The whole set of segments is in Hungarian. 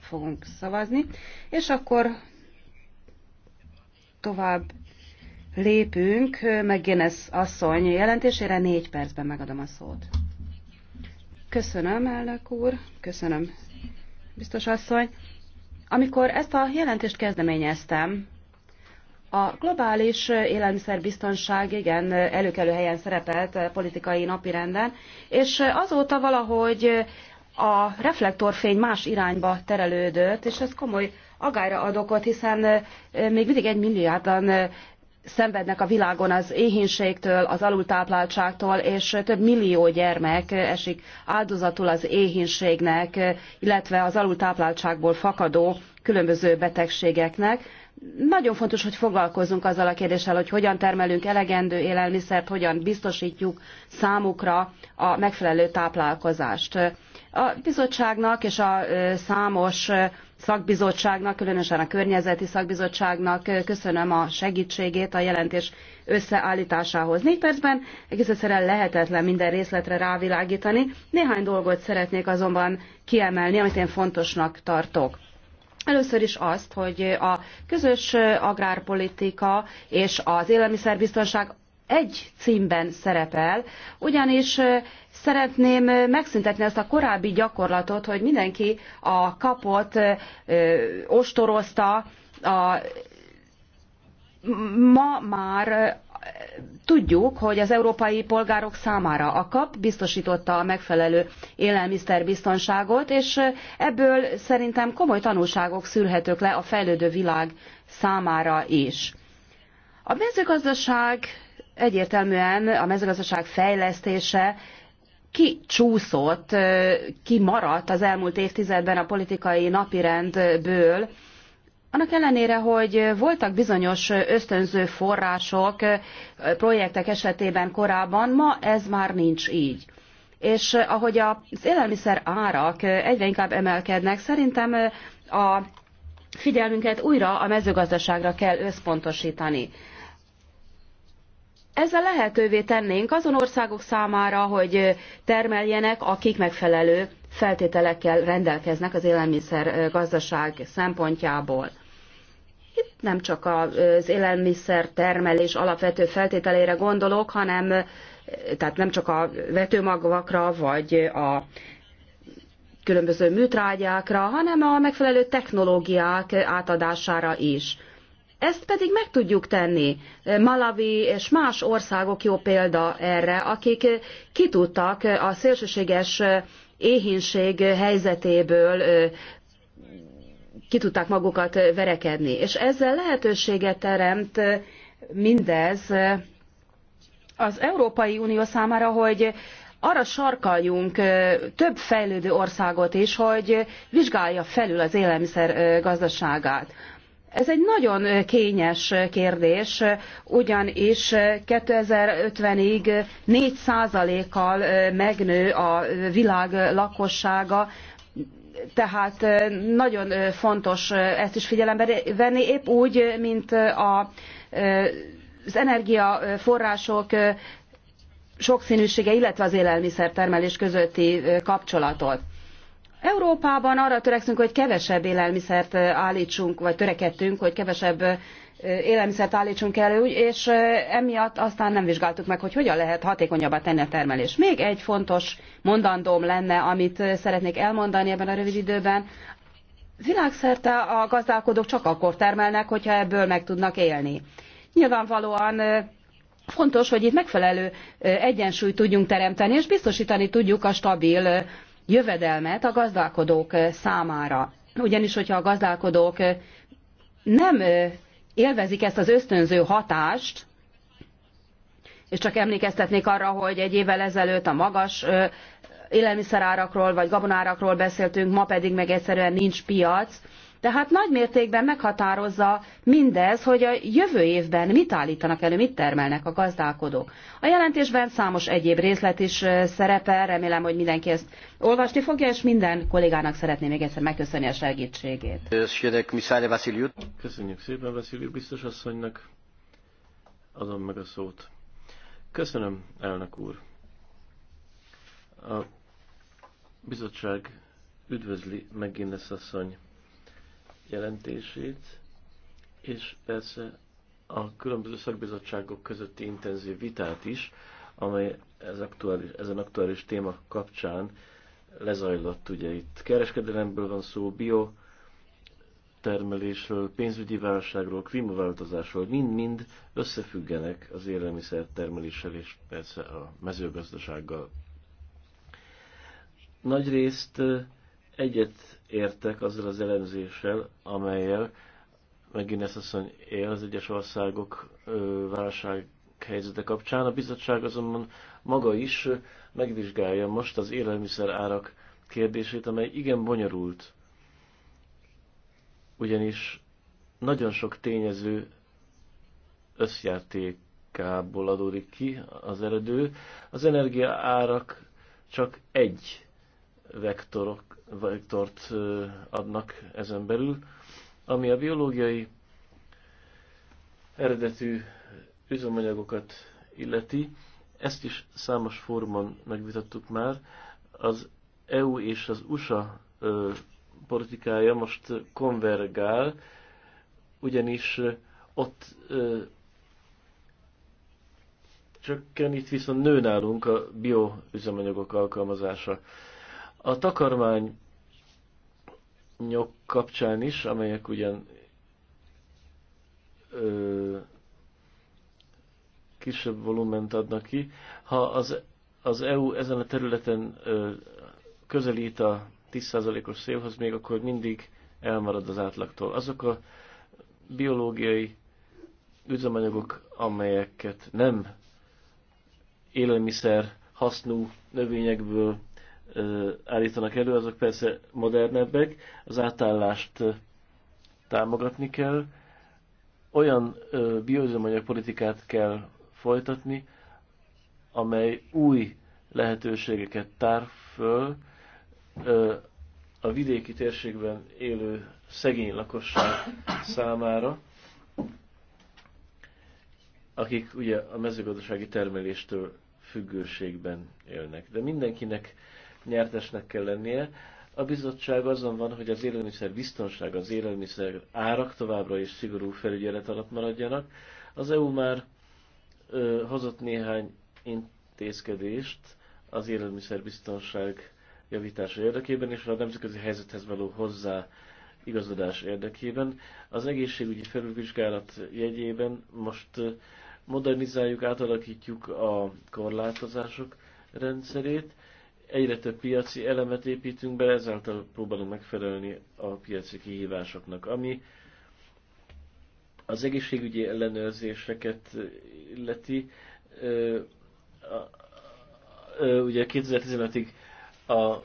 fogunk szavazni, és akkor tovább lépünk, McGuinness asszony jelentésére négy percben megadom a szót. Köszönöm, elnök úr, köszönöm, biztos asszony. Amikor ezt a jelentést kezdeményeztem, a globális élelmiszerbiztonság igen előkelő helyen szerepelt politikai napirenden, és azóta valahogy a reflektorfény más irányba terelődött, és ez komoly agályra ad okot, hiszen még mindig egy milliárdan szenvednek a világon az éhínségtől, az alultápláltságtól, és több millió gyermek esik áldozatul az éhínségnek, illetve az alultápláltságból fakadó különböző betegségeknek. Nagyon fontos, hogy foglalkozzunk azzal a kérdéssel, hogy hogyan termelünk elegendő élelmiszert, hogyan biztosítjuk számukra a megfelelő táplálkozást. A bizottságnak és a számos szakbizottságnak, különösen a környezeti szakbizottságnak köszönöm a segítségét a jelentés összeállításához. Négy percben egész egyszerűen lehetetlen minden részletre rávilágítani. Néhány dolgot szeretnék azonban kiemelni, amit én fontosnak tartok. Először is azt, hogy a közös agrárpolitika és az élelmiszerbiztonság egy címben szerepel, ugyanis szeretném megszüntetni ezt a korábbi gyakorlatot, hogy mindenki a kapot ostorozta, a, ma már tudjuk, hogy az európai polgárok számára a kap biztosította a megfelelő élelmiszerbiztonságot, és ebből szerintem komoly tanulságok szűrhetők le a fejlődő világ számára is. A mezőgazdaság egyértelműen a mezőgazdaság fejlesztése kicsúszott, kimaradt az elmúlt évtizedben a politikai napirendből, annak ellenére, hogy voltak bizonyos ösztönző források projektek esetében korábban, ma ez már nincs így. És ahogy az élelmiszer árak egyre inkább emelkednek, szerintem a figyelmünket újra a mezőgazdaságra kell összpontosítani. Ezzel lehetővé tennénk azon országok számára, hogy termeljenek, akik megfelelő feltételekkel rendelkeznek az élelmiszer gazdaság szempontjából. Itt nem csak az élelmiszer termelés alapvető feltételére gondolok, hanem tehát nem csak a vetőmagvakra vagy a különböző műtrágyákra, hanem a megfelelő technológiák átadására is. Ezt pedig meg tudjuk tenni. Malawi és más országok jó példa erre, akik ki tudtak a szélsőséges éhínség helyzetéből ki tudták magukat verekedni. És ezzel lehetőséget teremt mindez az Európai Unió számára, hogy arra sarkaljunk több fejlődő országot is, hogy vizsgálja felül az élelmiszer gazdaságát. Ez egy nagyon kényes kérdés, ugyanis 2050-ig 4%-kal megnő a világ lakossága, tehát nagyon fontos ezt is figyelembe venni, épp úgy, mint a, az energiaforrások sokszínűsége, illetve az élelmiszertermelés közötti kapcsolatot. Európában arra törekszünk, hogy kevesebb élelmiszert állítsunk, vagy törekedtünk, hogy kevesebb élelmiszert állítsunk elő, és emiatt aztán nem vizsgáltuk meg, hogy hogyan lehet a tenni a termelés. Még egy fontos mondandóm lenne, amit szeretnék elmondani ebben a rövid időben. Világszerte a gazdálkodók csak akkor termelnek, hogyha ebből meg tudnak élni. Nyilvánvalóan fontos, hogy itt megfelelő egyensúlyt tudjunk teremteni, és biztosítani tudjuk a stabil jövedelmet a gazdálkodók számára. Ugyanis, hogyha a gazdálkodók nem élvezik ezt az ösztönző hatást, és csak emlékeztetnék arra, hogy egy évvel ezelőtt a magas élelmiszerárakról vagy gabonárakról beszéltünk, ma pedig meg egyszerűen nincs piac, tehát nagy mértékben meghatározza mindez, hogy a jövő évben mit állítanak elő, mit termelnek a gazdálkodók. A jelentésben számos egyéb részlet is szerepel, remélem, hogy mindenki ezt olvasni fogja, és minden kollégának szeretném még egyszer megköszönni a segítségét. Köszönjük szépen Vasziliu biztos asszonynak. Adom meg a szót. Köszönöm, elnök úr. A bizottság üdvözli McGuinness asszony jelentését, és persze a különböző szakbizottságok közötti intenzív vitát is, amely ez aktuális, ezen aktuális téma kapcsán lezajlott. Ugye itt kereskedelemből van szó, bio termelésről, pénzügyi válságról, klímaváltozásról, mind-mind összefüggenek az élelmiszer termeléssel és persze a mezőgazdasággal. Nagyrészt egyet értek azzal az elemzéssel, amelyel megint ezt asszony él az egyes országok válság helyzete kapcsán. A bizottság azonban maga is megvizsgálja most az élelmiszer árak kérdését, amely igen bonyolult. Ugyanis nagyon sok tényező összjátékából adódik ki az eredő. Az energia árak csak egy vektorok, vektort adnak ezen belül, ami a biológiai eredetű üzemanyagokat illeti. Ezt is számos fórumon megvitattuk már. Az EU és az USA politikája most konvergál, ugyanis ott csökken, itt viszont nő nálunk a bioüzemanyagok alkalmazása. A takarmány nyok kapcsán is, amelyek ugyan ö, kisebb volument adnak ki, ha az, az EU ezen a területen ö, közelít a 10%-os szélhoz, még akkor mindig elmarad az átlagtól. Azok a biológiai üzemanyagok, amelyeket nem élelmiszer hasznú növényekből állítanak elő, azok persze modernebbek, az átállást támogatni kell, olyan bioüzemanyag politikát kell folytatni, amely új lehetőségeket tár föl a vidéki térségben élő szegény lakosság számára, akik ugye a mezőgazdasági termeléstől függőségben élnek. De mindenkinek nyertesnek kell lennie. A bizottság azon van, hogy az élelmiszer biztonság, az élelmiszer árak továbbra is szigorú felügyelet alatt maradjanak. Az EU már ö, hozott néhány intézkedést az biztonság javítása érdekében és a nemzetközi helyzethez való hozzá igazodás érdekében. Az egészségügyi felülvizsgálat jegyében most modernizáljuk, átalakítjuk a korlátozások rendszerét, egyre több piaci elemet építünk be, ezáltal próbálunk megfelelni a piaci kihívásoknak, ami az egészségügyi ellenőrzéseket illeti. Ugye 2015-ig a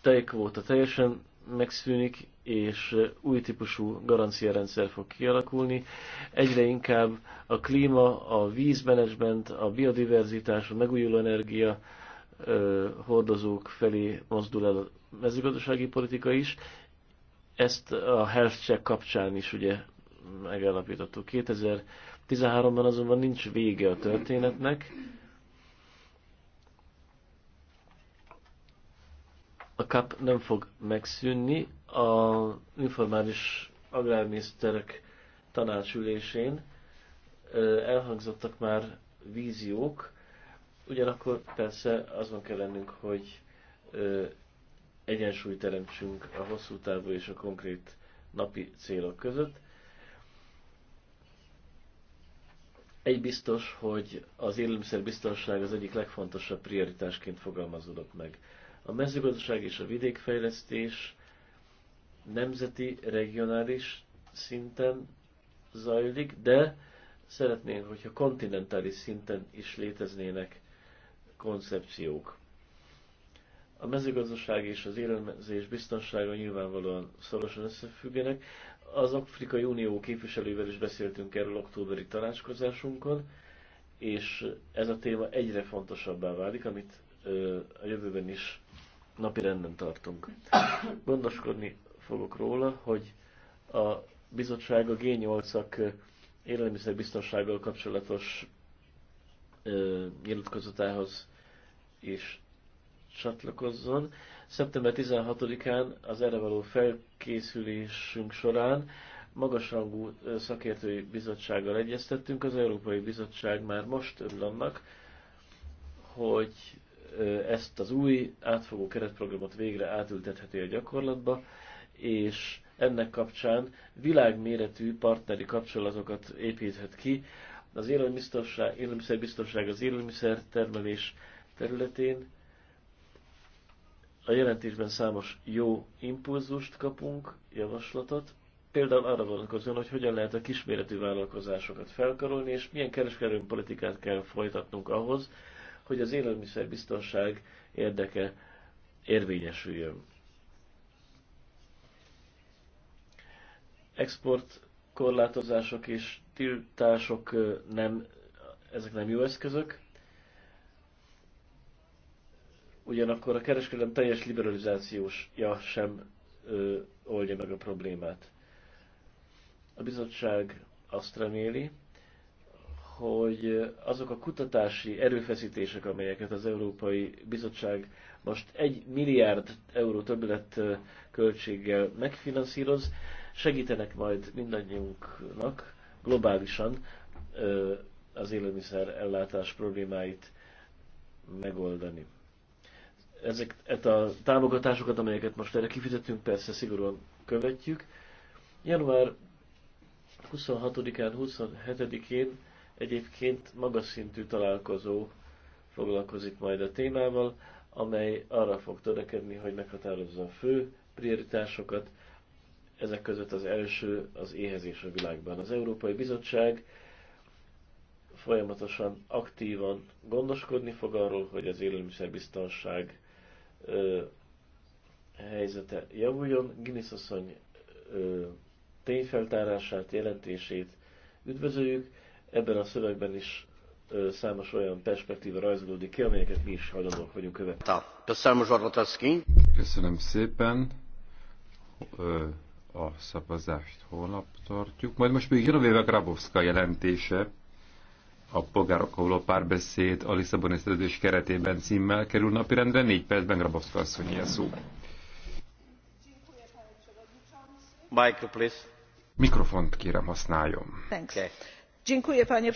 tejkvóta teljesen megszűnik, és új típusú garanciarendszer fog kialakulni. Egyre inkább a klíma, a vízmenedzsment, a biodiverzitás, a megújuló energia, hordozók felé mozdul el a mezőgazdasági politika is. Ezt a health check kapcsán is ugye megállapítottuk. 2013-ban azonban nincs vége a történetnek. A kap nem fog megszűnni. A informális agrárminiszterek tanácsülésén elhangzottak már víziók, Ugyanakkor persze azon kell lennünk, hogy ö, egyensúlyt teremtsünk a hosszú távú és a konkrét napi célok között. Egy biztos, hogy az élelmiszerbiztonság az egyik legfontosabb prioritásként fogalmazódott meg. A mezőgazdaság és a vidékfejlesztés nemzeti, regionális szinten zajlik, de szeretnénk, hogyha kontinentális szinten is léteznének koncepciók. A mezőgazdaság és az élelmezés biztonsága nyilvánvalóan szorosan összefüggenek. Az Afrikai Unió képviselővel is beszéltünk erről októberi tanácskozásunkon, és ez a téma egyre fontosabbá válik, amit a jövőben is napi renden tartunk. Gondoskodni fogok róla, hogy a bizottság a G8-ak élelmiszerbiztonsággal kapcsolatos nyilatkozatához is csatlakozzon. Szeptember 16-án az erre való felkészülésünk során magasrangú szakértői bizottsággal egyeztettünk. Az Európai Bizottság már most örül annak, hogy ezt az új átfogó keretprogramot végre átültetheti a gyakorlatba, és ennek kapcsán világméretű partneri kapcsolatokat építhet ki az élelmiszerbiztonság, élelmiszerbiztonság az élelmiszer termelés területén. A jelentésben számos jó impulzust kapunk, javaslatot, például arra vonatkozóan, hogy hogyan lehet a kisméretű vállalkozásokat felkarolni, és milyen kereskedelmi politikát kell folytatnunk ahhoz, hogy az élelmiszerbiztonság érdeke érvényesüljön. Export korlátozások és tiltások nem, ezek nem jó eszközök. Ugyanakkor a kereskedelem teljes liberalizációsja sem ö, oldja meg a problémát. A bizottság azt reméli, hogy azok a kutatási erőfeszítések, amelyeket az Európai Bizottság most egy milliárd euró többlet költséggel megfinanszíroz, segítenek majd mindannyiunknak globálisan az élelmiszer ellátás problémáit megoldani. Ezek, ezt a támogatásokat, amelyeket most erre kifizetünk, persze szigorúan követjük. Január 26-án, 27-én egyébként magas szintű találkozó foglalkozik majd a témával, amely arra fog törekedni, hogy meghatározza a fő prioritásokat, ezek között az első az éhezés a világban. Az Európai Bizottság folyamatosan aktívan gondoskodni fog arról, hogy az élelmiszerbiztonság ö, helyzete javuljon. Guinness asszony ö, tényfeltárását, jelentését üdvözöljük. Ebben a szövegben is ö, számos olyan perspektíva rajzolódik ki, amelyeket mi is hajlandók vagyunk követni. Köszönöm szépen. Ö a szavazást holnap tartjuk. Majd most még Genovéve Grabowska jelentése a polgárok a párbeszéd a Lisszaboni szerződés keretében címmel kerül napirendre. Négy percben Grabowska asszonyi a szó. Mikrofont kérem használjon. Okay.